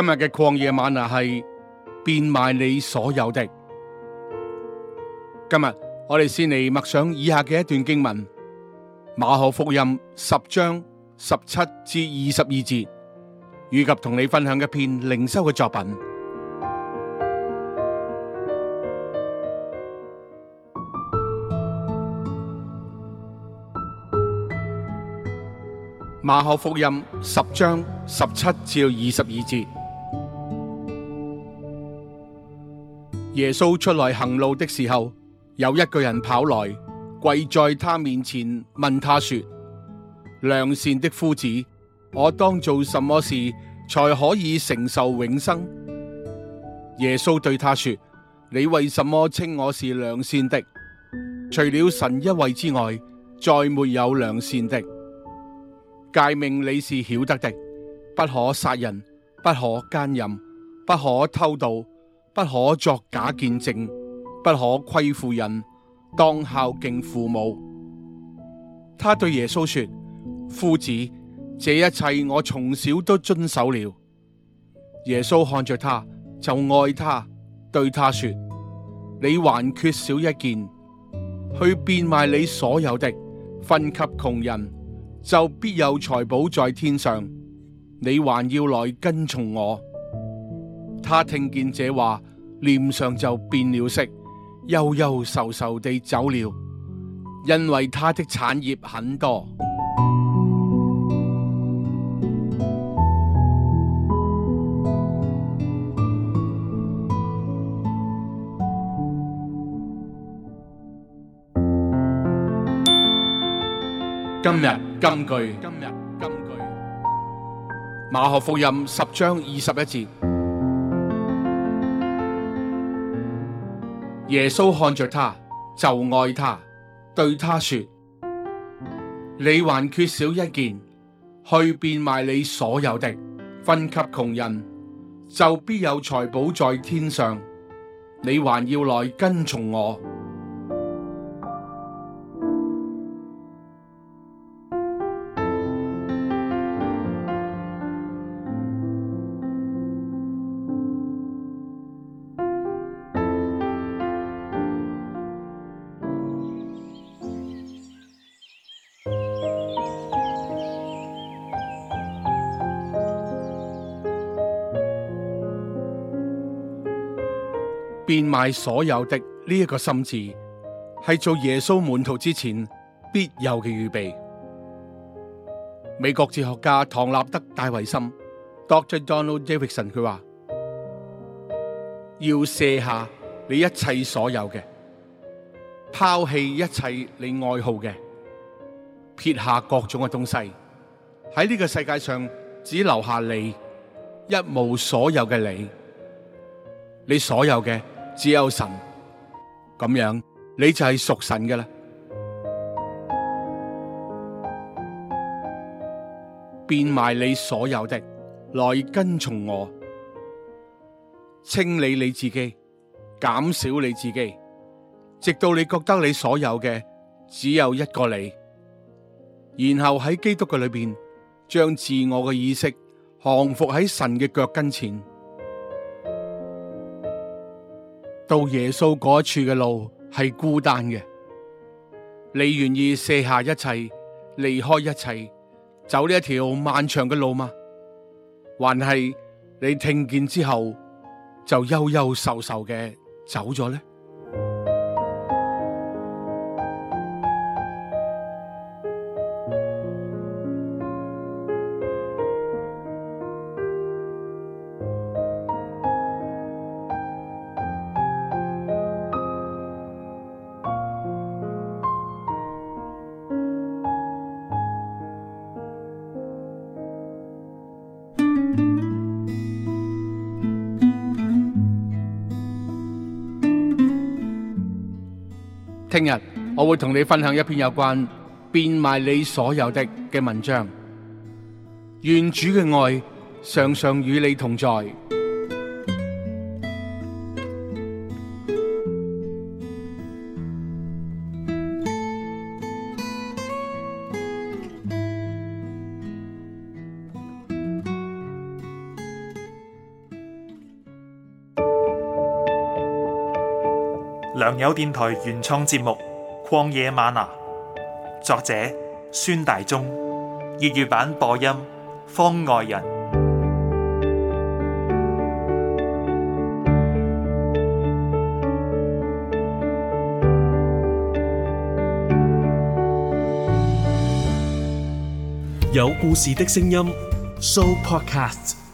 今日嘅曠野嗎哪，係變賣你所有的。今日我哋先嚟默想以下嘅一段經文：馬可福音十章十七至二十二節，以及同你分享一篇靈修嘅作品。馬可福音十章十七至二十二節。耶穌出來行路的時候，有一個人跑來跪在他面前問他說：良善的夫子，我當做什麼事才可以承受永生？耶穌對他說：你為什麼稱我是良善的？除了神一位之外，再沒有良善的。誡命你是曉得的：不可殺人，不可奸淫，不可偷盜。不可作假見證，不可虧負人，當孝敬父母。他對耶穌說：夫子，這一切我從小都遵守了。耶穌看着他就愛他，對他說：你還缺少一件，去變賣你所有的，分給窮人，就必有財寶在天上。你還要來跟從我。他聽見這話。臉上就變了色，憂憂愁愁愁地走了，因為他的產業很多。今日金句，今日金句，金句馬可福音十章二十一節。耶穌看着他，就愛他，對他說：你還缺少一件，去變賣你所有的，分給窮人，就必有財寶在天上。你還要來跟從我。變賣所有的呢一個心志，係做耶穌門徒之前必有嘅預備。美國哲學家唐納德戴維森 （Dr. Donald Davidson） 佢話：要卸下你一切所有嘅，拋棄一切你愛好嘅，撇下各種嘅東西，喺呢個世界上只留下你一無所有嘅你，你所有嘅。只有神咁樣，你就係屬神嘅啦。變賣你所有的，來跟從我，清理你自己，減少你自己，直到你覺得你所有嘅只有一個你。然後喺基督嘅裏面，將自我嘅意識降伏喺神嘅腳跟前。到耶穌嗰處嘅路係孤單嘅，你願意卸下一切，離開一切，走呢一條漫長嘅路嗎？還係你聽見之後就憂憂愁愁嘅走咗呢？聽日我會同你分享一篇有關變賣你所有的嘅文章。願主嘅愛常常與你同在。良友電台原創節目《曠野嗎哪》，作者孫大中，粵語版播音方外人，有故事的聲音 show podcast。